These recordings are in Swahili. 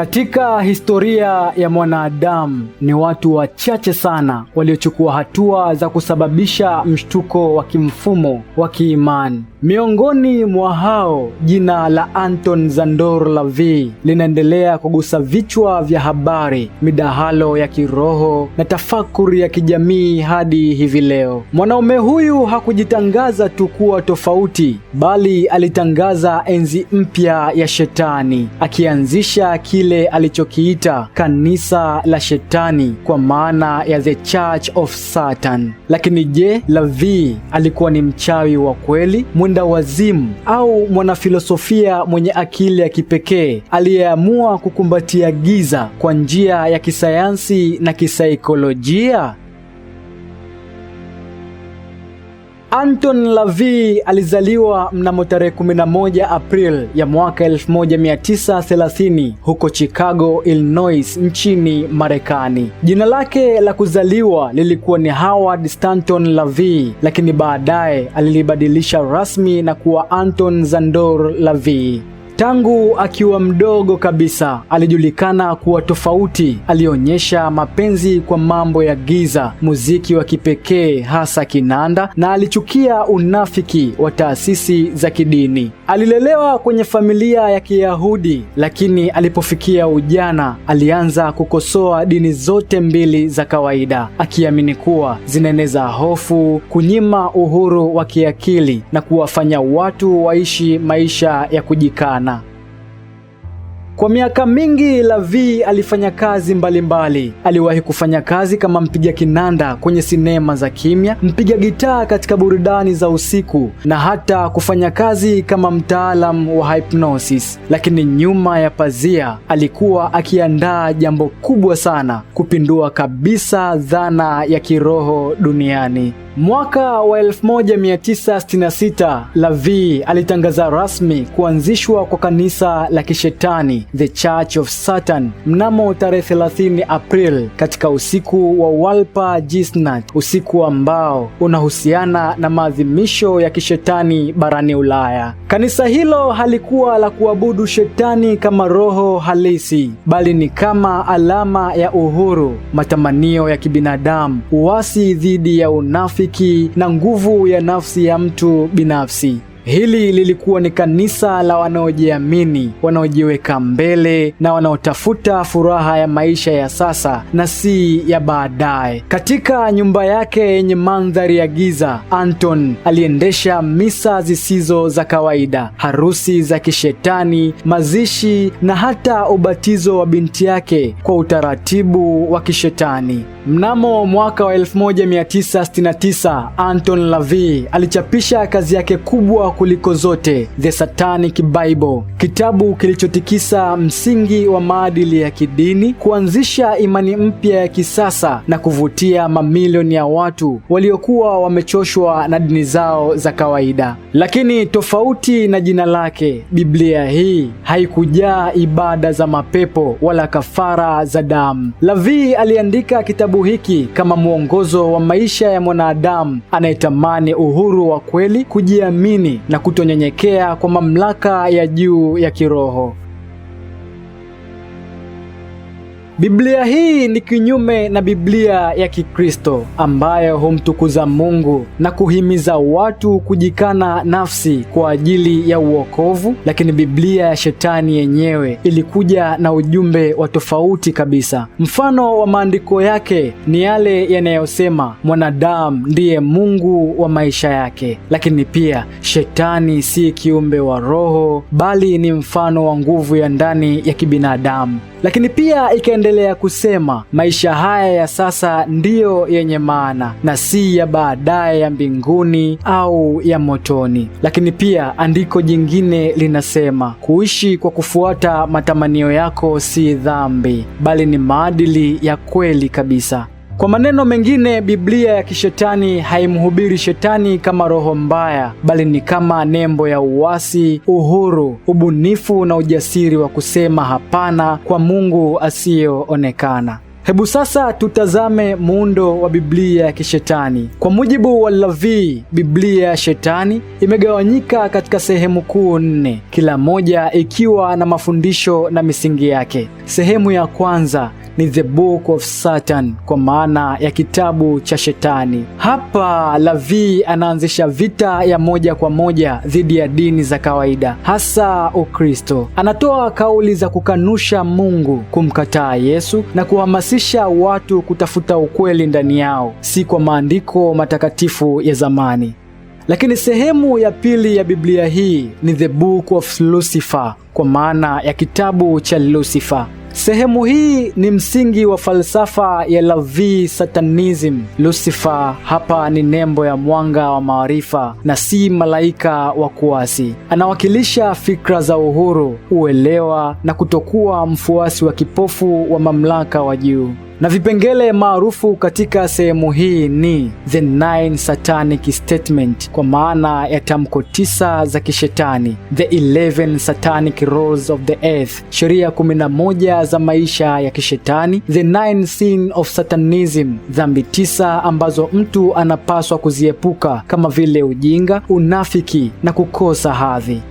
Katika historia ya mwanadamu ni watu wachache sana waliochukua hatua za kusababisha mshtuko wa kimfumo wa kiimani. Miongoni mwa hao, jina la Anton Zandor Lavey linaendelea kugusa vichwa vya habari, midahalo ya kiroho na tafakuri ya kijamii hadi hivi leo. Mwanaume huyu hakujitangaza tu kuwa tofauti, bali alitangaza enzi mpya ya shetani, akianzisha kile kile alichokiita kanisa la shetani kwa maana ya the Church of Satan. Lakini je, Lavi alikuwa ni mchawi wa kweli, mwenda wazimu au mwanafilosofia mwenye akili ya kipekee aliyeamua kukumbatia giza kwa njia ya kisayansi na kisaikolojia? Anton LaVey alizaliwa mnamo tarehe 11 April ya mwaka 1930 huko Chicago, Illinois nchini Marekani. Jina lake la kuzaliwa lilikuwa ni Howard Stanton LaVey, lakini baadaye alilibadilisha rasmi na kuwa Anton Zandor LaVey. Tangu akiwa mdogo kabisa alijulikana kuwa tofauti. Alionyesha mapenzi kwa mambo ya giza, muziki wa kipekee hasa kinanda, na alichukia unafiki wa taasisi za kidini. Alilelewa kwenye familia ya Kiyahudi, lakini alipofikia ujana alianza kukosoa dini zote mbili za kawaida, akiamini kuwa zinaeneza hofu, kunyima uhuru wa kiakili na kuwafanya watu waishi maisha ya kujikana. Kwa miaka mingi Lavie alifanya kazi mbalimbali mbali. Aliwahi kufanya kazi kama mpiga kinanda kwenye sinema za kimya, mpiga gitaa katika burudani za usiku na hata kufanya kazi kama mtaalam wa hypnosis. Lakini nyuma ya pazia alikuwa akiandaa jambo kubwa sana, kupindua kabisa dhana ya kiroho duniani. Mwaka wa 1966 LaVey alitangaza rasmi kuanzishwa kwa kanisa la kishetani The Church of Satan mnamo tarehe 30 april katika usiku wa Walpa jisnat usiku ambao unahusiana na maadhimisho ya kishetani barani Ulaya. Kanisa hilo halikuwa la kuabudu shetani kama roho halisi, bali ni kama alama ya uhuru, matamanio ya kibinadamu, uasi dhidi ya unafiki unafiki na nguvu ya nafsi ya mtu binafsi. Hili lilikuwa ni kanisa la wanaojiamini, wanaojiweka mbele na wanaotafuta furaha ya maisha ya sasa na si ya baadaye. Katika nyumba yake yenye mandhari ya giza, Anton aliendesha misa zisizo za kawaida, harusi za kishetani, mazishi na hata ubatizo wa binti yake kwa utaratibu wa kishetani. Mnamo mwaka wa 1969, Anton LaVey alichapisha kazi yake kubwa kuliko zote, The Satanic Bible, kitabu kilichotikisa msingi wa maadili ya kidini, kuanzisha imani mpya ya kisasa na kuvutia mamilioni ya watu waliokuwa wamechoshwa na dini zao za kawaida. Lakini tofauti na jina lake, Biblia hii haikujaa ibada za mapepo wala kafara za damu. Lavi aliandika kitabu hiki kama mwongozo wa maisha ya mwanadamu anayetamani uhuru wa kweli, kujiamini na kutonyenyekea kwa mamlaka ya juu ya kiroho. Biblia hii ni kinyume na Biblia ya Kikristo ambayo humtukuza Mungu na kuhimiza watu kujikana nafsi kwa ajili ya uokovu, lakini Biblia ya Shetani yenyewe ilikuja na ujumbe wa tofauti kabisa. Mfano wa maandiko yake ni yale yanayosema mwanadamu ndiye Mungu wa maisha yake, lakini pia Shetani si kiumbe wa roho bali ni mfano wa nguvu ya ndani ya kibinadamu, lakini pia ikaende aliendelea kusema, maisha haya ya sasa ndiyo yenye maana na si ya baadaye ya mbinguni au ya motoni. Lakini pia andiko jingine linasema, kuishi kwa kufuata matamanio yako si dhambi, bali ni maadili ya kweli kabisa. Kwa maneno mengine, Biblia ya kishetani haimhubiri shetani kama roho mbaya, bali ni kama nembo ya uasi, uhuru, ubunifu na ujasiri wa kusema hapana kwa Mungu asiyoonekana Hebu sasa tutazame muundo wa Biblia ya kishetani. Kwa mujibu wa Lavie, Biblia ya Shetani imegawanyika katika sehemu kuu nne, kila moja ikiwa na mafundisho na misingi yake. Sehemu ya kwanza ni The Book of Satan, kwa maana ya kitabu cha Shetani. Hapa Lavie anaanzisha vita ya moja kwa moja dhidi ya dini za kawaida, hasa Ukristo. Anatoa kauli za kukanusha Mungu, kumkataa Yesu na kuhamasisha kuhamasisha watu kutafuta ukweli ndani yao, si kwa maandiko matakatifu ya zamani. Lakini sehemu ya pili ya Biblia hii ni The Book of Lucifer, kwa maana ya kitabu cha Lucifer. Sehemu hii ni msingi wa falsafa ya La Satanism. Lucifer hapa ni nembo ya mwanga wa maarifa na si malaika wa kuasi. Anawakilisha fikra za uhuru, uelewa na kutokuwa mfuasi wa kipofu wa mamlaka wa juu na vipengele maarufu katika sehemu hii ni the nine satanic statement, kwa maana ya tamko tisa za kishetani, the 11 satanic rules of the earth, sheria 11 za maisha ya kishetani, the nine sin of satanism, dhambi tisa ambazo mtu anapaswa kuziepuka kama vile ujinga, unafiki na kukosa hadhi.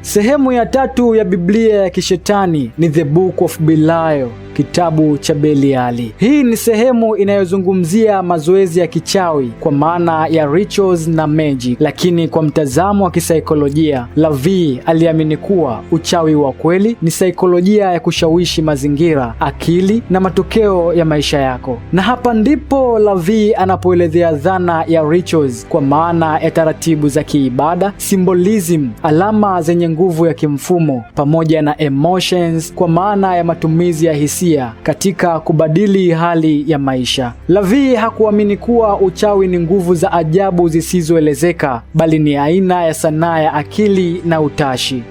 Sehemu ya tatu ya Biblia ya kishetani ni the book of Belial kitabu cha Beliali. Hii ni sehemu inayozungumzia mazoezi ya kichawi kwa maana ya rituals na magic, lakini kwa mtazamo wa kisaikolojia, Lavi aliamini kuwa uchawi wa kweli ni saikolojia ya kushawishi mazingira, akili na matokeo ya maisha yako. Na hapa ndipo Lavi anapoelezea dhana ya rituals kwa maana ya taratibu za kiibada, symbolism, alama zenye nguvu ya kimfumo pamoja na emotions kwa maana ya matumizi ya hisi hisia katika kubadili hali ya maisha. Lavi hakuamini kuwa uchawi ni nguvu za ajabu zisizoelezeka, bali ni aina ya sanaa ya akili na utashi.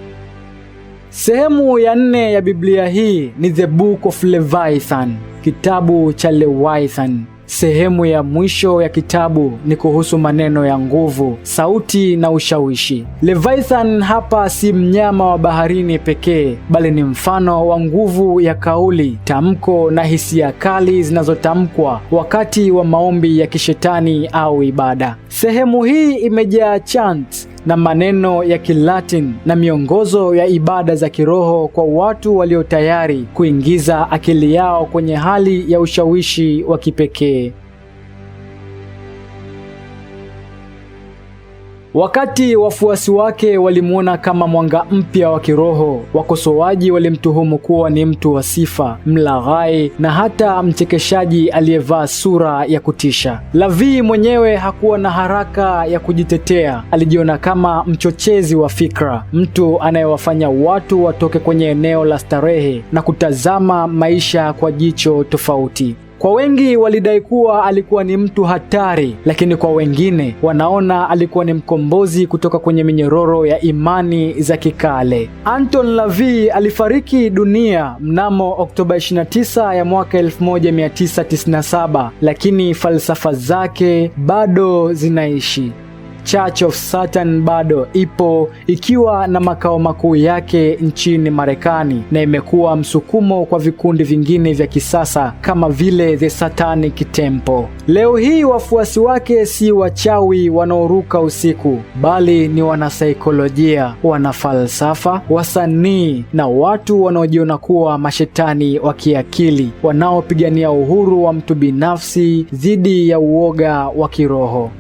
Sehemu ya nne ya Biblia hii ni The Book of Leviathan, kitabu cha Leviathan. Sehemu ya mwisho ya kitabu ni kuhusu maneno ya nguvu, sauti na ushawishi. Leviathan hapa si mnyama wa baharini pekee, bali ni mfano wa nguvu ya kauli, tamko na hisia kali zinazotamkwa wakati wa maombi ya kishetani au ibada. Sehemu hii imejaa chants na maneno ya kilatin na miongozo ya ibada za kiroho kwa watu walio tayari kuingiza akili yao kwenye hali ya ushawishi wa kipekee. Wakati wafuasi wake walimwona kama mwanga mpya wa kiroho, wakosoaji walimtuhumu kuwa ni mtu wa sifa, mlaghai na hata mchekeshaji aliyevaa sura ya kutisha. lavii mwenyewe hakuwa na haraka ya kujitetea. Alijiona kama mchochezi wa fikra, mtu anayewafanya watu watoke kwenye eneo la starehe na kutazama maisha kwa jicho tofauti. Kwa wengi walidai kuwa alikuwa ni mtu hatari, lakini kwa wengine wanaona alikuwa ni mkombozi kutoka kwenye minyororo ya imani za kikale. Anton LaVey alifariki dunia mnamo Oktoba 29 ya mwaka 1997, lakini falsafa zake bado zinaishi. Church of Satan bado ipo ikiwa na makao makuu yake nchini Marekani na imekuwa msukumo kwa vikundi vingine vya kisasa kama vile The Satanic Temple. Leo hii wafuasi wake si wachawi wanaoruka usiku, bali ni wanasaikolojia, wanafalsafa, wasanii na watu wanaojiona kuwa mashetani wa kiakili wanaopigania uhuru wa mtu binafsi dhidi ya uoga wa kiroho.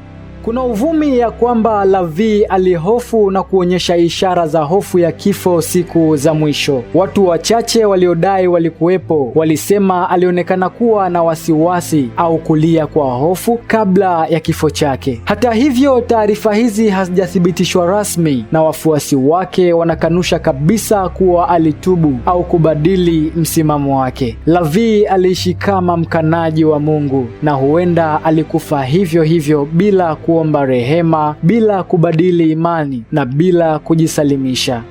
Kuna uvumi ya kwamba Lavi alihofu na kuonyesha ishara za hofu ya kifo siku za mwisho. Watu wachache waliodai walikuwepo walisema alionekana kuwa na wasiwasi au kulia kwa hofu kabla ya kifo chake. Hata hivyo, taarifa hizi hazijathibitishwa rasmi na wafuasi wake wanakanusha kabisa kuwa alitubu au kubadili msimamo wake. Lavi aliishi kama mkanaji wa Mungu na huenda alikufa hivyo hivyo bila ku kuomba rehema bila kubadili imani na bila kujisalimisha.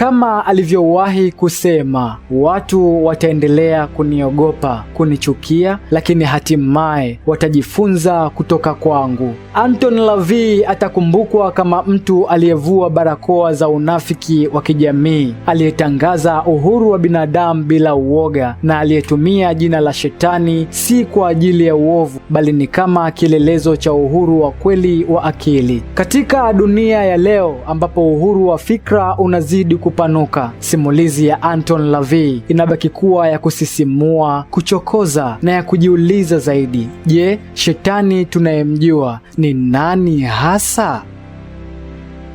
Kama alivyowahi kusema, watu wataendelea kuniogopa, kunichukia, lakini hatimaye watajifunza kutoka kwangu. Anton LaVey atakumbukwa kama mtu aliyevua barakoa za unafiki wa kijamii, aliyetangaza uhuru wa binadamu bila uoga na aliyetumia jina la shetani si kwa ajili ya uovu, bali ni kama kielelezo cha uhuru wa kweli wa akili. Katika dunia ya leo ambapo uhuru wa fikra unazidi ku kupanuka. Simulizi ya Anton LaVey inabaki kuwa ya kusisimua, kuchokoza na ya kujiuliza zaidi. Je, shetani tunayemjua ni nani hasa?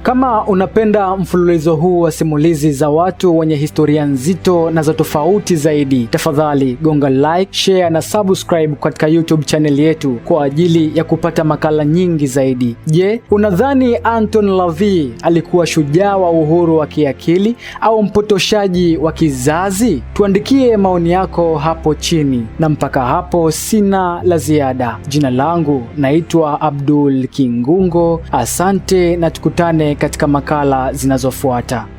Kama unapenda mfululizo huu wa simulizi za watu wenye historia nzito na za tofauti zaidi, tafadhali gonga like, share na subscribe katika YouTube channel yetu kwa ajili ya kupata makala nyingi zaidi. Je, unadhani Anton LaVey alikuwa shujaa wa uhuru wa kiakili au mpotoshaji wa kizazi? Tuandikie maoni yako hapo chini, na mpaka hapo sina la ziada. Jina langu naitwa Abdul Kingungo, asante na tukutane katika makala zinazofuata.